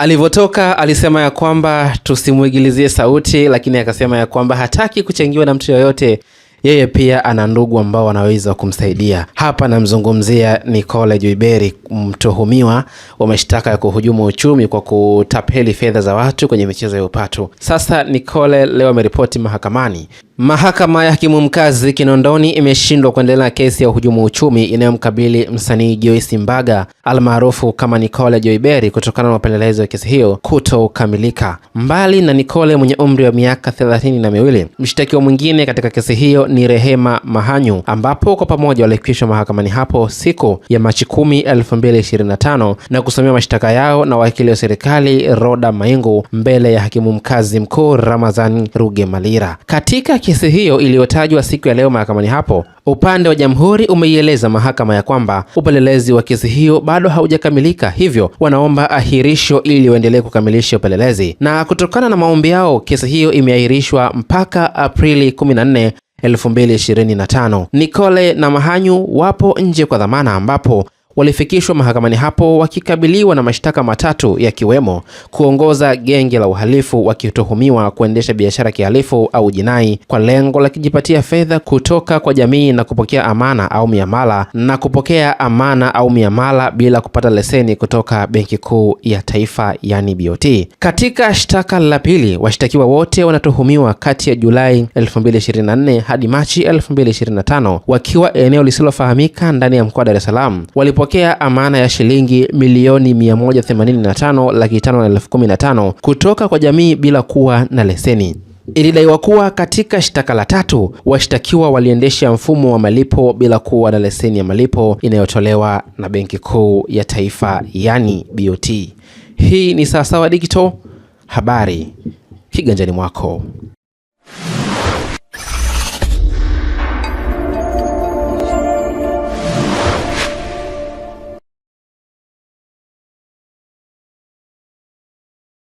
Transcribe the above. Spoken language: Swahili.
Alivyotoka alisema ya kwamba tusimwigilizie sauti, lakini akasema ya kwamba hataki kuchangiwa na mtu yoyote. Yeye pia ana ndugu ambao wanaweza kumsaidia. Hapa namzungumzia Nicole juiberi mtuhumiwa wa mashtaka ya kuhujumu uchumi kwa kutapeli fedha za watu kwenye michezo ya upatu Sasa Nicole leo ameripoti mahakamani Mahakama ya Hakimu Mkazi Kinondoni imeshindwa kuendelea na kesi ya uhujumu uchumi inayomkabili msanii Joyce Mbaga almaarufu kama Nicole Joyberry kutokana na mapendelezo ya kesi hiyo kutokamilika. Mbali na Nicole mwenye umri wa miaka thelathini na miwili, mshtakiwa mwingine katika kesi hiyo ni Rehema Mahanyu, ambapo kwa pamoja walifikishwa mahakamani hapo siku ya Machi kumi, 2025 na kusomewa mashtaka yao na wakili wa serikali Roda Maingu mbele ya Hakimu Mkazi Mkuu Ramadhan Ruge Malira katika kesi hiyo iliyotajwa siku ya leo mahakamani hapo, upande wa jamhuri umeieleza mahakama ya kwamba upelelezi wa kesi hiyo bado haujakamilika, hivyo wanaomba ahirisho ili waendelee kukamilisha upelelezi. Na kutokana na maombi yao, kesi hiyo imeahirishwa mpaka Aprili 14, 2025. Nicole na Mahanyu wapo nje kwa dhamana ambapo walifikishwa mahakamani hapo wakikabiliwa na mashtaka matatu yakiwemo kuongoza genge la uhalifu wakituhumiwa kuendesha biashara kihalifu au jinai kwa lengo la kujipatia fedha kutoka kwa jamii na kupokea amana au miamala na kupokea amana au miamala bila kupata leseni kutoka Benki Kuu ya Taifa yani BOT. Katika shtaka la pili, washtakiwa wote wanatuhumiwa kati ya Julai 2024 hadi Machi 2025 wakiwa eneo lisilofahamika ndani ya mkoa wa Dar es Salaam kupokea amana ya shilingi milioni 185 laki tano na elfu tano kutoka kwa jamii bila kuwa na leseni. Ilidaiwa kuwa katika shtaka la tatu, washtakiwa waliendesha mfumo wa malipo bila kuwa na leseni ya malipo inayotolewa na Benki Kuu ya Taifa, yani BoT. Hii ni Sawasawa Digital, habari kiganjani mwako.